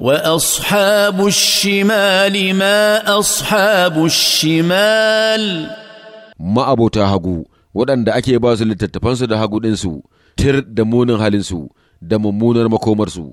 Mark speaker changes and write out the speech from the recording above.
Speaker 1: واصحاب الشمال ما اصحاب الشمال ما ابو تهغو waɗanda ake basu littattafansu da hagu ɗinsu tir da munin halinsu da mummunar makomarsu